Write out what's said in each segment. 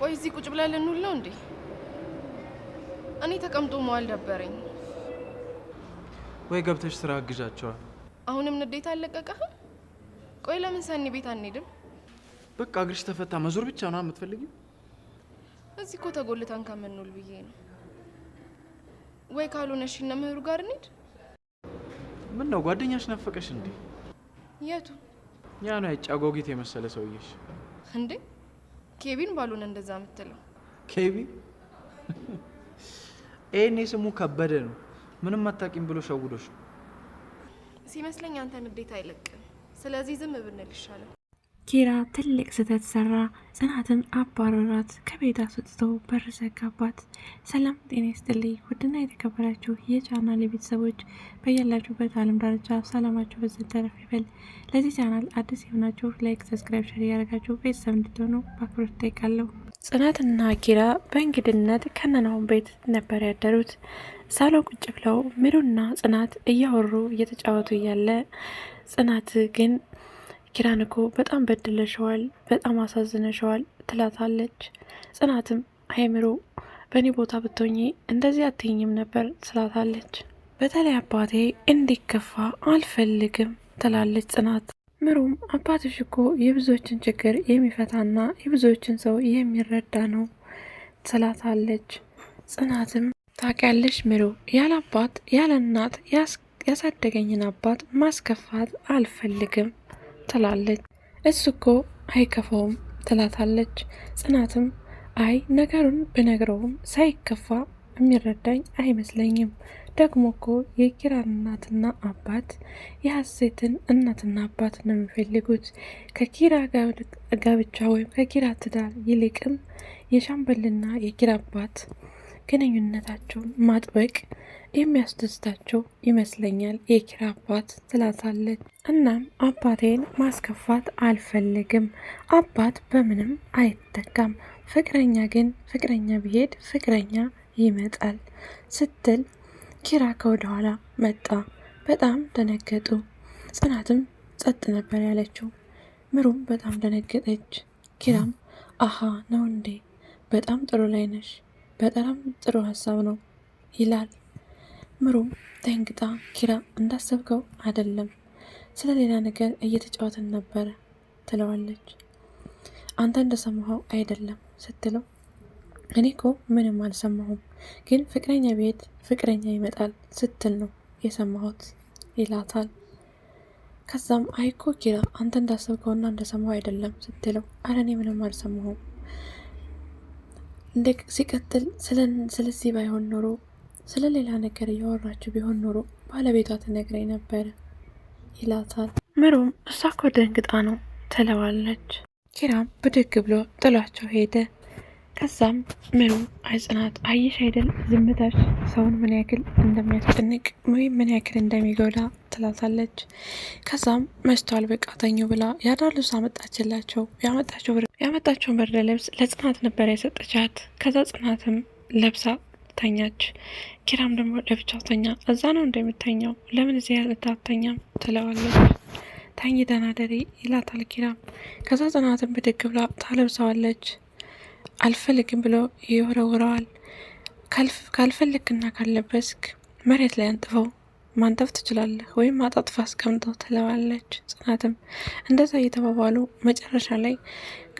ቆይ እዚህ ቁጭ ብላ ልንውል ነው እንዴ? እኔ ተቀምጦ መዋል ደበረኝ። ወይ ገብተሽ ስራ አግዣቸዋል። አሁንም ንዴት አልለቀቀህም? ቆይ ለምን ሰኒ ቤት አንሄድም? በቃ እግርሽ ተፈታ መዞር ብቻ ነው የምትፈልጊው? እዚህ እኮ ተጎልታን ከምንውል ብዬ ነው። ወይ ካልሆነ እሺ እነ ምህሩ ጋር እንሂድ። ምን ነው ጓደኛሽ ነፈቀሽ እንዴ? የቱ? ያ ነው ያጫጓጊት የመሰለ ሰውዬሽ እንዴ? ኬቢን ባሉን እንደዛ የምትለው ኬቢ ይህኔ ስሙ ከበደ ነው። ምንም አታውቂም ብሎ ሸውዶች ነው ሲመስለኝ። አንተ ንዴት አይለቅም። ስለዚህ ዝም ብንል ይሻላል። ኪራ ትልቅ ስህተት ሰራ። ጽናትን አባረራት። ከቤት አስወጥቶ በር ዘጋባት። ሰላም ጤና ይስጥልኝ ውድና የተከበራችሁ የቻናል ቤተሰቦች በያላችሁበት ዓለም ዳርቻ ሰላማችሁ በዘት ተረፍ ይበል። ለዚህ ቻናል አዲስ የሆናችሁ ላይክ፣ ሰብስክራይብ፣ ሸር እያደረጋችሁ ቤተሰብ እንድትሆኑ በአክብሮት እጠይቃለሁ። ጽናትና ኪራ በእንግድነት ከነናውን ቤት ነበር ያደሩት። ሳሎ ቁጭ ብለው ምሩና ጽናት እያወሩ እየተጫወቱ እያለ ጽናት ግን ኪራን እኮ በጣም በድለሸዋል፣ በጣም አሳዝነሸዋል ትላታለች። ጽናትም አይምሮ በእኔ ቦታ ብትሆኚ እንደዚህ አትይኝም ነበር ትላታለች። በተለይ አባቴ እንዲከፋ አልፈልግም ትላለች ጽናት። ምሩም አባትሽ እኮ የብዙዎችን ችግር የሚፈታና የብዙዎችን ሰው የሚረዳ ነው ትላታለች። ጽናትም ታውቂያለሽ ምሩ፣ ያለ አባት ያለ እናት ያሳደገኝን አባት ማስከፋት አልፈልግም ትላለች። እሱ እኮ አይከፋውም ትላታለች። ጽናትም አይ ነገሩን ብነግረውም ሳይከፋ የሚረዳኝ አይመስለኝም። ደግሞ እኮ የኪራን እናትና አባት የሀሴትን እናትና አባት ነው የሚፈልጉት። ከኪራ ጋብቻ ወይም ከኪራ ትዳር ይልቅም የሻምበልና የኪራ አባት ግንኙነታቸውን ማጥበቅ የሚያስደስታቸው ይመስለኛል የኪራ አባት ትላታለች። እናም አባቴን ማስከፋት አልፈልግም፣ አባት በምንም አይተካም፣ ፍቅረኛ ግን ፍቅረኛ ቢሄድ ፍቅረኛ ይመጣል ስትል ኪራ ከወደኋላ መጣ። በጣም ደነገጡ። ጽናትም ጸጥ ነበር ያለችው። ምሩም በጣም ደነገጠች። ኪራም አሃ ነው እንዴ? በጣም ጥሩ ላይ ነሽ በጣም ጥሩ ሀሳብ ነው ይላል። ምሩም ደንግጣ ኪራ እንዳሰብከው አይደለም ስለ ሌላ ነገር እየተጫወትን ነበረ ትለዋለች። አንተ እንደሰማኸው አይደለም ስትለው እኔ እኮ ምንም አልሰማሁም፣ ግን ፍቅረኛ ቤት ፍቅረኛ ይመጣል ስትል ነው የሰማሁት ይላታል። ከዛም አይኮ ኪራ አንተ እንዳሰብከውና እንደሰማው አይደለም ስትለው አረ እኔ ምንም አልሰማሁም እንደቅ ሲቀጥል ስለዚህ ባይሆን ኖሮ ስለ ሌላ ነገር እያወራችሁ ቢሆን ኖሮ ባለቤቷ ትነግረኝ ነበረ ይላታል። ምሩም እሷ እኮ ደንግጣ ነው ትለዋለች። ኪራም ብድግ ብሎ ጥሏቸው ሄደ። ከዛም ምሩ አጽናት አይሽ አየሽ አይደል ዝምታሽ ሰውን ምን ያክል እንደሚያስጨንቅ ወይም ምን ያክል እንደሚጎዳ ትላታለች። ከዛም መስተዋል በቃ ተኙ ብላ ያዳሉ አመጣችላቸው። ያመጣቸውን ብርድ ልብስ ለጽናት ነበር የሰጠቻት። ከዛ ጽናትም ለብሳ ተኛች። ኪራም ደግሞ ለብቻው ተኛ። እዛ ነው እንደምተኛው ለምን እዚያ ልታተኛም ትለዋለች። ተኝ ደህና ደሪ ይላታል ኪራም። ከዛ ጽናትን ብድግ ብላ ታለብሰዋለች። አልፈልግም ብሎ ይወረውረዋል። ካልፈለግና ካለበስክ መሬት ላይ አንጥፈው ማንጠፍ ትችላለህ ወይም አጣጥፋ አስቀምጠው ትለዋለች። ጽናትም እንደዛ እየተባባሉ መጨረሻ ላይ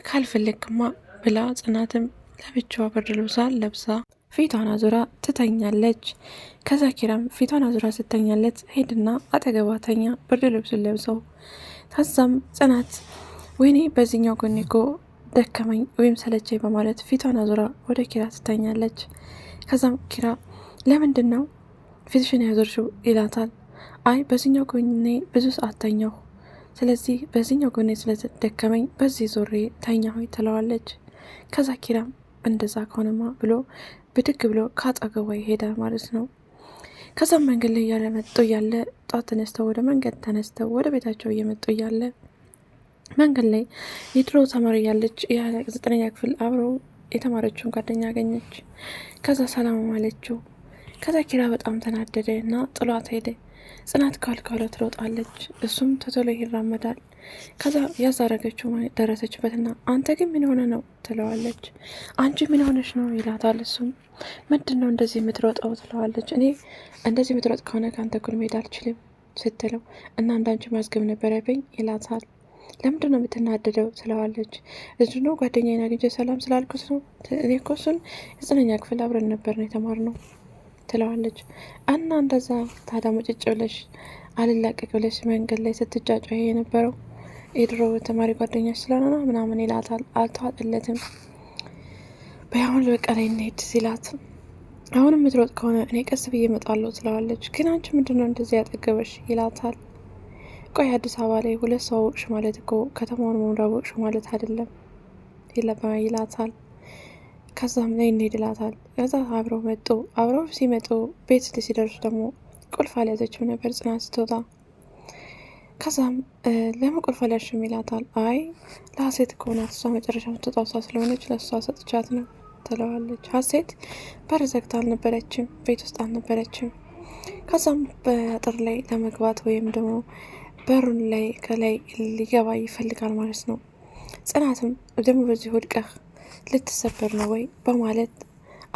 ካልፈልግማ ብላ ጽናትም ለብቻዋ ብርድ ልብሷን ለብሳ ፊቷን አዙራ ትተኛለች። ከዛ ኪራም ፊቷን አዙራ ስተኛለት ሄድና አጠገቧ ተኛ ብርድ ልብሱን ለብሰው። ከዛም ጽናት ወይኔ በዚህኛው ጎኔ እኮ ደከመኝ ወይም ሰለቸኝ በማለት ፊቷን አዙራ ወደ ኪራ ትተኛለች። ከዛም ኪራ ለምንድን ነው ፊትሽን ያዞርሽው ይላታል። አይ በዚህኛው ጎኔ ብዙ ሰዓት ተኛሁ፣ ስለዚህ በዚኛው ጎኔ ስለደከመኝ በዚህ ዞሬ ተኛሁ ትለዋለች። ከዛ ኪራም እንደዛ ከሆነማ ብሎ ብድግ ብሎ ከአጠገቧ ይሄዳል ማለት ነው። ከዛም መንገድ ላይ እያለ መጡ እያለ ጧት ተነስተው ወደ መንገድ ተነስተው ወደ ቤታቸው እየመጡ እያለ መንገድ ላይ የድሮ ተማሪ ያለች የዘጠነኛ ክፍል አብሮ የተማረችውን ጓደኛ አገኘች። ከዛ ሰላም አለችው። ከዛ ኪራ በጣም ተናደደ እና ጥሏት ሄደ። ጽናት ካለ ትሮጣለች፣ እሱም ተቶሎ ይራመዳል። ከዛ ያዛረገችው ደረሰችበትና አንተ ግን ምን ሆነ ነው ትለዋለች። አንቺ ምን ሆነች ነው ይላታል። እሱም ምንድን ነው እንደዚህ የምትሮጠው ትለዋለች። እኔ እንደዚህ የምትሮጥ ከሆነ ከአንተ እኩል መሄድ አልችልም ስትለው እና እንዳንቺ ማዝገብ ነበረብኝ ይላታል። ለምንድን ነው የምትናደደው? ትለዋለች። ልጁ ነው ጓደኛዬን አግኝቼ ሰላም ስላልኩት ነው። እኔ እኮ እሱን የዘጠነኛ ክፍል አብረን ነበር ነው የተማርነው ትለዋለች። እና እንደዛ ታዲያ ሙጭጭ ብለሽ አልላቀቅ ብለሽ መንገድ ላይ ስትጫጫ ይሄ የነበረው የድሮ ተማሪ ጓደኛች ስለሆነ ምናምን ይላታል። አልተዋጠለትም። በያሁን በቃ ላይ እንሄድ ሲላት አሁንም ምትሮጥ ከሆነ እኔ ቀስ ብዬ እመጣለሁ ትለዋለች። ግን አንቺ ምንድን እንደዚህ ያጠገበሽ? ይላታል ቆይ አዲስ አበባ ላይ ሁለት ሰው አወቅሽ ማለት እኮ ከተማውን መሆኑን አወቅሽ ማለት አይደለም ይላታል። ከዛም ላይ እንሄድ ይላታል። ከዛ አብረው መጡ። አብረው ሲመጡ ቤት ሲደርሱ ደግሞ ቁልፍ አልያዘችም ነበር ጽናት ስትወጣ። ከዛም ለምን ቁልፍ አልያዝሽም ይላታል። አይ ለሀሴት ከሆነ እሷ መጨረሻ የምትወጣው እሷ ስለሆነች ለእሷ ሰጥቻት ነው ትለዋለች። ሀሴት በር ዘግታ አልነበረችም፣ ቤት ውስጥ አልነበረችም። ከዛም በአጥር ላይ ለመግባት ወይም ደግሞ በሩን ላይ ከላይ ሊገባ ይፈልጋል ማለት ነው። ጽናትም ደግሞ በዚህ ውድቀህ ልትሰበር ነው ወይ በማለት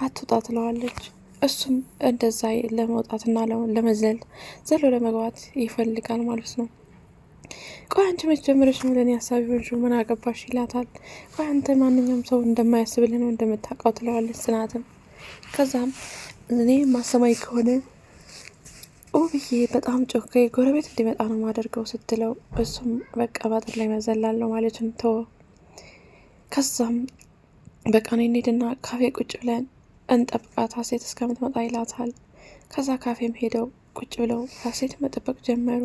አትውጣ ትለዋለች። እሱም እንደዛ ለመውጣትና ለመዝለል ዘሎ ለመግባት ይፈልጋል ማለት ነው። ቆይ አንቺ መች ጀምረሽ ነው ለእኔ ሀሳቢ ሆንሽ? ምን አገባሽ ይላታል። ቆይ አንተ ማንኛውም ሰው እንደማያስብልን ነው እንደምታውቀው ትለዋለች ጽናትም። ከዛም እኔ ማሰማይ ከሆነ ውብዬ በጣም ጮክ ጎረቤት እንዲመጣ ነው ማደርገው ስትለው እሱም በቃ ባጥር ላይ መዘላለው ማለቱን ተወ። ከዛም በቃ ነው እንሂድና ካፌ ቁጭ ብለን እንጠብቃት ሀሴት እስከምትመጣ ይላታል። ከዛ ካፌም ሄደው ቁጭ ብለው ሀሴት መጠበቅ ጀመሩ።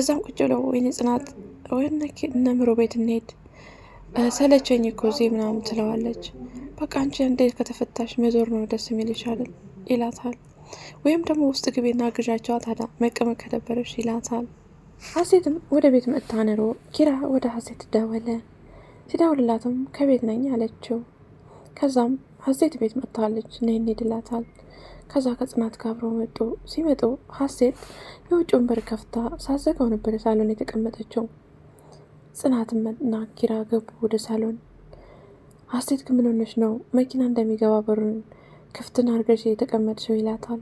እዛም ቁጭ ብለው ወይኔ ጽናት ወይነ ነምሮ ቤት እንሄድ ሰለቸኝ እኮ እዚህ ምናምን ትለዋለች። በቃ አንቺ እንዴት ከተፈታሽ መዞር ነው ደስ የሚል አይደል ይላታል። ወይም ደግሞ ውስጥ ግቤና ግዣቸዋ ታዳ መቀመጥ ከደበረች ይላታል። ሀሴትም ወደ ቤት መጥታ ኪራ ወደ ሀሴት ደወለ። ሲደውልላትም ከቤት ነኝ አለችው። ከዛም ሀሴት ቤት መጥታለች ነይ ይድላታል። ከዛ ከጽናት ጋር አብረው መጡ። ሲመጡ ሀሴት የውጭውን በር ከፍታ ሳዘጋው ነበር ሳሎን የተቀመጠችው። ጽናትም እና ኪራ ገቡ ወደ ሳሎን። ሀሴት ግን ምን ሆነች ነው መኪና እንደሚገባ በሩን ክፍትን አድርገሽ የተቀመጥሽው ይላታል።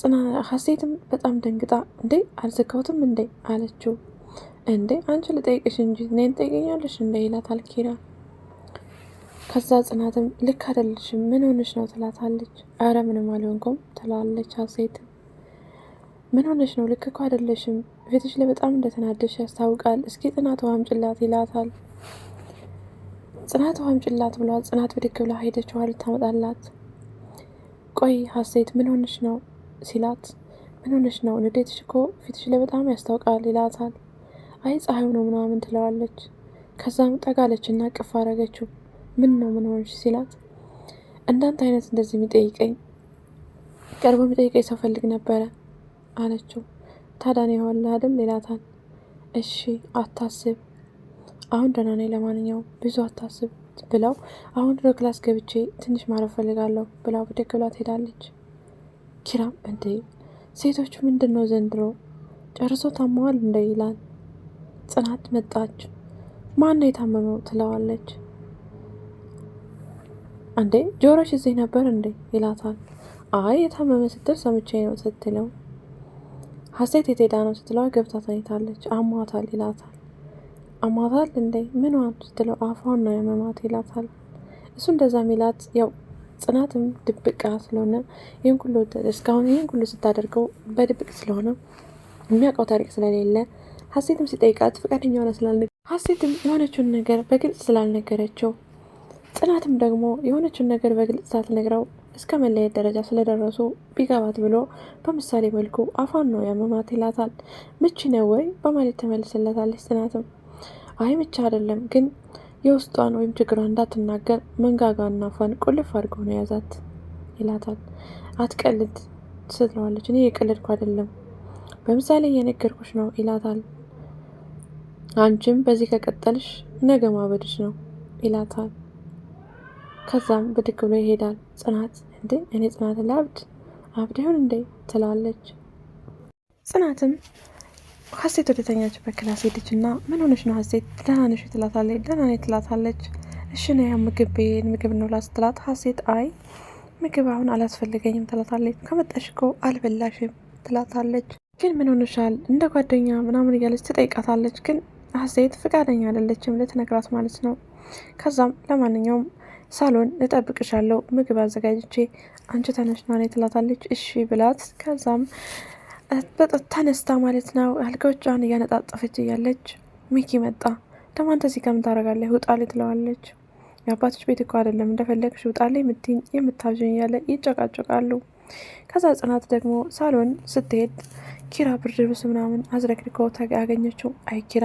ጽና ሀሴትም በጣም ደንግጣ እንዴ አልዘጋሁትም እንዴ አለችው። እንዴ አንቺ ልጠይቅሽ እንጂ እኔን ጠይቀኛለሽ እንደ ይላታል ኪራ። ከዛ ጽናትም ልክ አይደለሽም ምን ሆነሽ ነው ትላታለች። አረ ምንም አልሆንኩም ትላለች ሀሴት። ምን ሆነሽ ነው ልክ እኮ አይደለሽም ፊትሽ ላይ በጣም እንደተናደሽ ያስታውቃል እስኪ ጽናት ውሃም ጭላት ይላታል። ጽናት ውሃም ጭላት ብሏል። ጽናት ብድግ ብላ ሄደች ውሃ ልታመጣላት ቆይ ሀሴት ምን ሆነሽ ነው ሲላት፣ ምን ሆነሽ ነው ንዴትሽ እኮ ፊትሽ ላይ በጣም ያስታውቃል ይላታል። አይ ፀሐዩ ነው ምናምን ትለዋለች። ከዛም ጠጋለች እና ቅፍ አረገችው። ምን ነው ምን ሆንሽ ሲላት፣ እንዳንተ አይነት እንደዚህ የሚጠይቀኝ ቀርቦ የሚጠይቀኝ ሰው ፈልግ ነበረ አለችው። ታዳን የዋለ አይደል ይላታል። እሺ አታስብ፣ አሁን ደህና ነኝ። ለማንኛውም ብዙ አታስብ ብለው አሁን ወደ ክላስ ገብቼ ትንሽ ማረፍ ፈልጋለሁ ብላ ወደ ክፍሏ ትሄዳለች። ኪራም እንዴ ሴቶቹ ምንድን ነው ዘንድሮ ጨርሶ ታመዋል እንደ ይላል። ጽናት መጣች። ማን ነው የታመመው ትለዋለች። እንዴ ጆሮሽ እዚህ ነበር እንዴ ይላታል። አይ የታመመ ስትል ሰምቼ ነው ስትለው ሀሴት የቴዳ ነው ስትለዋ ገብታ ተኝታለች። አሟታል ይላታል። አማታል እንዴ ምኗን ስትለው አፏን ነው ያመማት ይላታል። እሱ እንደዛ ሚላት ያው ጽናትም ድብቃ ስለሆነ ይህን ሁሉ እስካሁን ይህን ሁሉ ስታደርገው በድብቅ ስለሆነ የሚያውቀው ታሪክ ስለሌለ ሀሴትም ሲጠይቃት ፍቃደኛ ሆነ ስላልነ ሀሴትም የሆነችውን ነገር በግልጽ ስላልነገረችው ጽናትም ደግሞ የሆነችውን ነገር በግልጽ ሳትነግረው እስከ መለየት ደረጃ ስለደረሱ ቢገባት ብሎ በምሳሌ መልኩ አፏን ነው ያመማት ይላታል። ምች ነው ወይ በማለት ተመልስለታለች ጽናትም አይ ብቻ አይደለም ግን የውስጧን ወይም ችግሯን እንዳትናገር መንጋጋና አፏን ቁልፍ አድርገው ነው የያዛት ይላታል። አትቀልድ ትስለዋለች። እኔ የቀለድኩ አይደለም በምሳሌ እየነገርኩሽ ነው ይላታል። አንቺም በዚህ ከቀጠልሽ ነገ ማበድሽ ነው ይላታል። ከዛም ብድግ ብሎ ይሄዳል። ጽናት እንዴ እኔ ጽናት ላብድ አብድ ይሆን እንዴ ትላለች ጽናትም ሀሴት ወደ ተኛችበት ክላስ ሄደች እና ምን ሆነች ነው ሀሴት ደህና ነሽ ትላታለች። ደህና ነኝ ትላታለች። እሺ ነው ያ ምግቤን ምግብ ነው ላስትላት ሀሴት አይ ምግብ አሁን አላስፈልገኝም ትላታለች። ከመጣሽ እኮ አልበላሽም ትላታለች። ግን ምን ሆነሻል እንደ ጓደኛ ምናምን እያለች ትጠይቃታለች። ግን ሀሴት ፍቃደኛ አይደለችም ልትነግራት ማለት ነው። ከዛም ለማንኛውም ሳሎን እጠብቅሻለሁ ምግብ አዘጋጅቼ አንቺ ተነሽና ነይ ትላታለች። እሺ ብላት ከዛም ተነስታ ማለት ነው አልጋዎቿን እያነጣጠፈች እያለች ሚኪ መጣ። ደግሞ አንተ እዚህ ከምን ታደርጋለህ? ውጣልኝ ትለዋለች። የአባቶች ቤት እኮ አይደለም እንደፈለግሽ ውጣልኝ የምትይኝ የምታዥኝ እያለ ይጨቃጨቃሉ። ከዛ ጽናት ደግሞ ሳሎን ስትሄድ ኪራ ብርድ ልብስ ምናምን አዝረክርኮ ያገኘችው። አይ ኪራ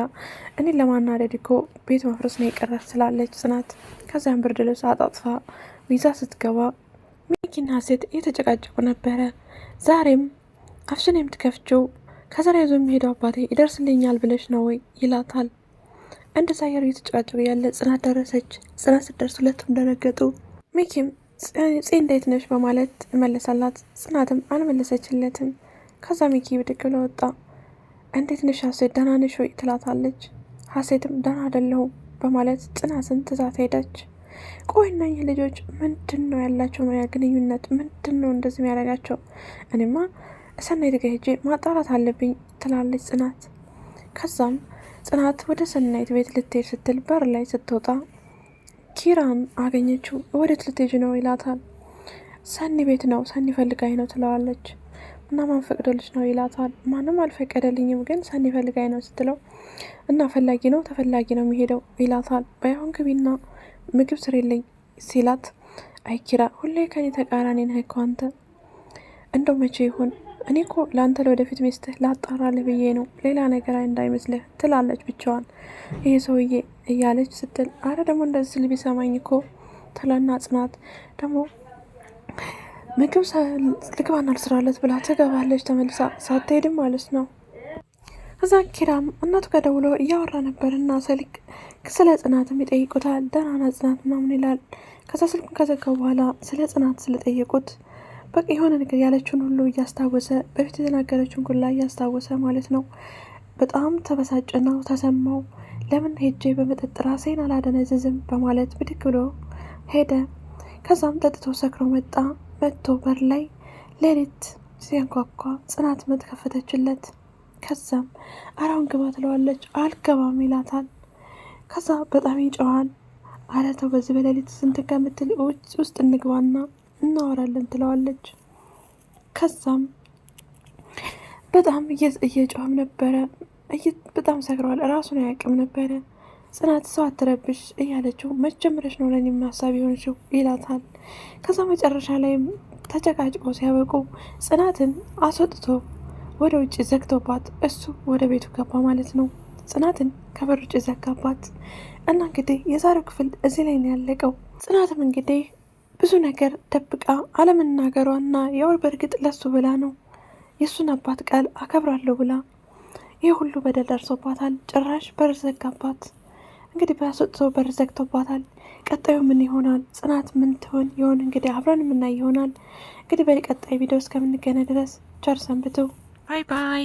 እኔን ለማናደድ እኮ ቤት መፍረስ ነው የቀረት ስላለች ጽናት ከዚያም ብርድ ልብስ አጣጥፋ ይዛ ስትገባ ሚኪና ሴት እየተጨቃጨቁ ነበረ ዛሬም አፍሽን የምትከፍችው ከዛሬ ይዞ የሚሄደው አባቴ ይደርስልኛል ብለሽ ነው ወይ ይላታል። እንደ ሳየር እየተጫጭሩ ያለ ጽናት ደረሰች። ጽናት ስትደርስ ሁለቱም ደነገጡ። ሚኪም ጽ እንዴት ነሽ በማለት መለሰላት። ጽናትም አልመለሰችለትም። ከዛ ሚኪ ብድግ ብሎ ወጣ። እንዴት ነሽ ሀሴት ደህና ነሽ ወይ ትላታለች። ሀሴትም ደህና አይደለሁም በማለት ጽናትን ትዛት ሄደች። ቆይ እነኝህ ልጆች ምንድን ነው ያላቸው ግንኙነት? ምንድን ነው እንደዚህ የሚያደርጋቸው? እኔማ ሰናይት ጋር ሄጄ ማጣራት አለብኝ ትላለች ጽናት። ከዛም ጽናት ወደ ሰናይት ቤት ልትሄድ ስትል በር ላይ ስትወጣ ኪራን አገኘችው። ወዴት ልትሄጂ ነው ይላታል። ሰኒ ቤት ነው፣ ሰኒ ፈልጋኝ ነው ትለዋለች። እና ማን ፈቅዶልሽ ነው ይላታል። ማንም አልፈቀደልኝም፣ ግን ሰኒ ፈልጋኝ ነው ስትለው እና ፈላጊ ነው ተፈላጊ ነው የሚሄደው ይላታል። በያሁን ግቢና ምግብ ስሪልኝ ሲላት፣ አይኪራ ሁሌ ከኔ ተቃራኒ ነህ እኮ አንተ እንደው መቼ ይሆን እኔ እኮ ለአንተ ለወደፊት ሚስትህ ላጣራልህ ብዬ ነው፣ ሌላ ነገር እንዳይመስልህ ትላለች ብቻዋን ይሄ ሰውዬ እያለች ስትል፣ አረ ደግሞ እንደዚህ ስል ቢሰማኝ እኮ ትለና ጽናት ደግሞ ምግብ ልግባና ልስራለት ብላ ትገባለች። ተመልሳ ሳትሄድም ማለት ነው። እዛ ኪራም እናቱ ጋር ደውሎ እያወራ ነበር እና ስልክ ስለ ጽናትም ይጠይቁታል። ደህና ናት ጽናት ምናምን ይላል። ከዛ ስልኩን ከዘጋው በኋላ ስለ ጽናት ስለጠየቁት በቃ የሆነ ነገር ያለችውን ሁሉ እያስታወሰ በፊት የተናገረችውን ጉላ እያስታወሰ ማለት ነው። በጣም ተበሳጨና ተሰማው። ለምን ሄጄ በመጠጥ ራሴን አላደነዝዝም በማለት ብድግ ብሎ ሄደ። ከዛም ጠጥቶ ሰክሮ መጣ። መጥቶ በር ላይ ሌሊት ሲያንኳኳ ጽናት መጥ ከፈተችለት። ከዛም አራውን ግባ ትለዋለች። አልገባም ይላታል። ከዛ በጣም ይጨዋል። አረተው በዚህ በሌሊት ስንት ከምትል ውጭ ውስጥ እንግባና እናወራለን ትለዋለች። ከዛም በጣም እየጮኸም ነበረ። በጣም ሰክረዋል። ራሱን አያውቅም ነበረ። ጽናት ሰው አትረብሽ እያለችው መጀመረች ነው ለኔም ሀሳብ የሆንሽው ይላታል። ከዛ መጨረሻ ላይም ተጨቃጭቆ ሲያበቁ ጽናትን አስወጥቶ ወደ ውጭ ዘግቶባት እሱ ወደ ቤቱ ገባ ማለት ነው። ጽናትን ከበር ውጭ ዘጋባት እና እንግዲህ የዛሬው ክፍል እዚህ ላይ ነው ያለቀው። ጽናትም እንግዲህ ብዙ ነገር ደብቃ አለመናገሯና የወር በእርግጥ ለሱ ብላ ነው የእሱን አባት ቃል አከብራለሁ ብላ ይህ ሁሉ በደል ደርሶባታል። ጭራሽ በር ዘጋባት። እንግዲህ በያስወጥ በር ዘግቶባታል። ቀጣዩ ምን ይሆናል? ጽናት ምን ትሆን ይሆን? እንግዲህ አብረን የምናይ ይሆናል። እንግዲህ በቀጣይ ቪዲዮ እስከምንገናኝ ድረስ ቸር ሰንብቱ። ባይ ባይ።